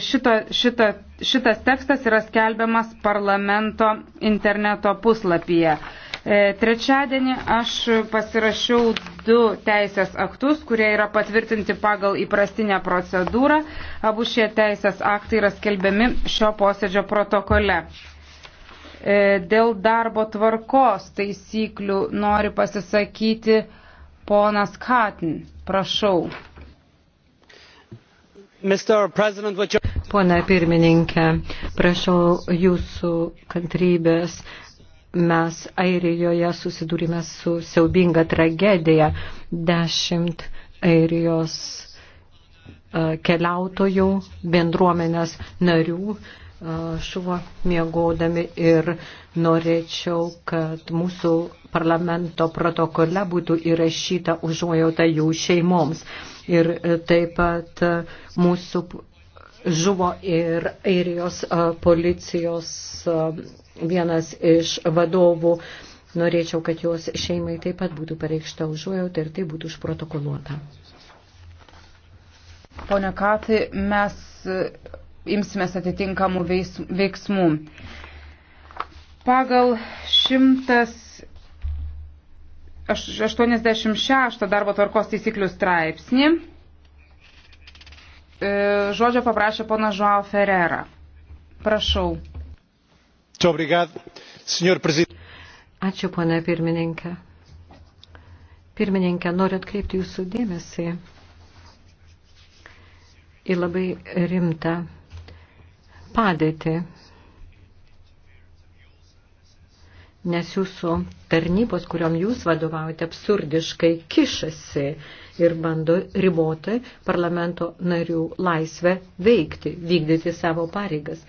šita, e, šita, šitas tekstas yra skelbiamas parlamento interneto puslapyje. E, trečiadienį aš pasirašiau du teisės aktus, kurie yra patvirtinti pagal įprastinę procedūrą. Abu šie teisės aktai yra skelbiami šio posėdžio protokole. E, dėl darbo tvarkos taisyklių nori pasisakyti ponas Katin. Prašau. Pone pirmininkė, prašau jūsų kantrybės. Mes Airijoje susidūrime su siaubinga tragedija. Dešimt Airijos e, keliautojų, bendruomenės narių šuvo miegodami ir norėčiau, kad mūsų parlamento protokole būtų įrašyta užuojauta jų šeimoms. Ir taip pat mūsų žuvo ir airijos policijos vienas iš vadovų. Norėčiau, kad jos šeimai taip pat būtų pareikšta užuojauta ir tai būtų užprotokoluota. Pone Katai, mes imsimės atitinkamų veiksmų. Pagal 186 darbo tvarkos taisyklių straipsnį e, žodžio paprašė pana Žuao Ferrera. Prašau. Ačiū, pana pirmininkė. Pirmininkė, noriu atkreipti jūsų dėmesį į labai rimtą padėtį, nes jūsų tarnybos, kuriuom jūs vadovaujate, absurdiškai kišasi ir bando riboti parlamento narių laisvę veikti, vykdyti savo pareigas.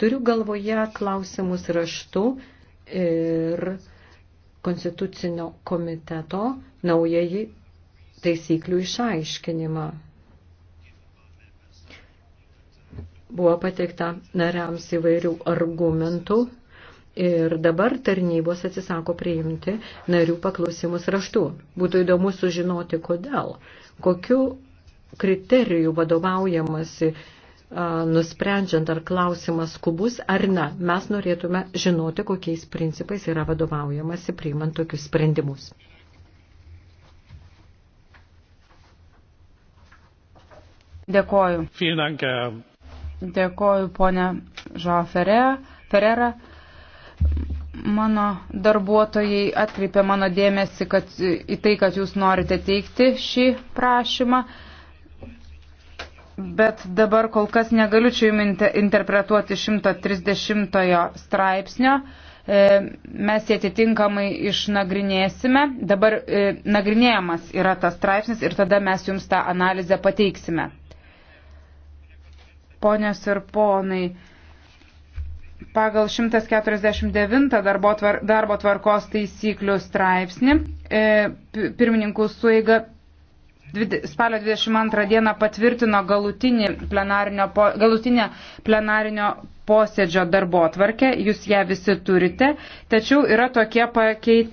Turiu galvoje klausimus raštu ir konstitucinio komiteto naująjį taisyklių išaiškinimą. Buvo pateikta nariams įvairių argumentų ir dabar tarnybos atsisako priimti narių paklausimus raštu. Būtų įdomu sužinoti, kodėl, kokiu kriterijų vadovaujamasi nusprendžiant ar klausimas skubus ar ne. Mes norėtume žinoti, kokiais principais yra vadovaujamasi priimant tokius sprendimus. Dėkoju. Vielen Dank, Herr Dėkoju, ponė Žao Ferrera. Mano darbuotojai atkreipė mano dėmesį kad, į tai, kad jūs norite teikti šį prašymą, bet dabar kol kas negaliu čia jums interpretuoti 130 straipsnio e, mes jį atitinkamai išnagrinėsime. Dabar e, nagrinėjamas yra tas straipsnis ir tada mes jums tą analizę pateiksime. Ponios ir ponai, pagal 149 darbo, tvar, darbo tvarkos taisyklių straipsnį e, pirmininkų suiga spalio 22 dieną patvirtino galutinį plenarinio, po, galutinę plenarinio posėdžio darbo tvarkę, jūs ją visi turite, tačiau yra tokie pakeitimai.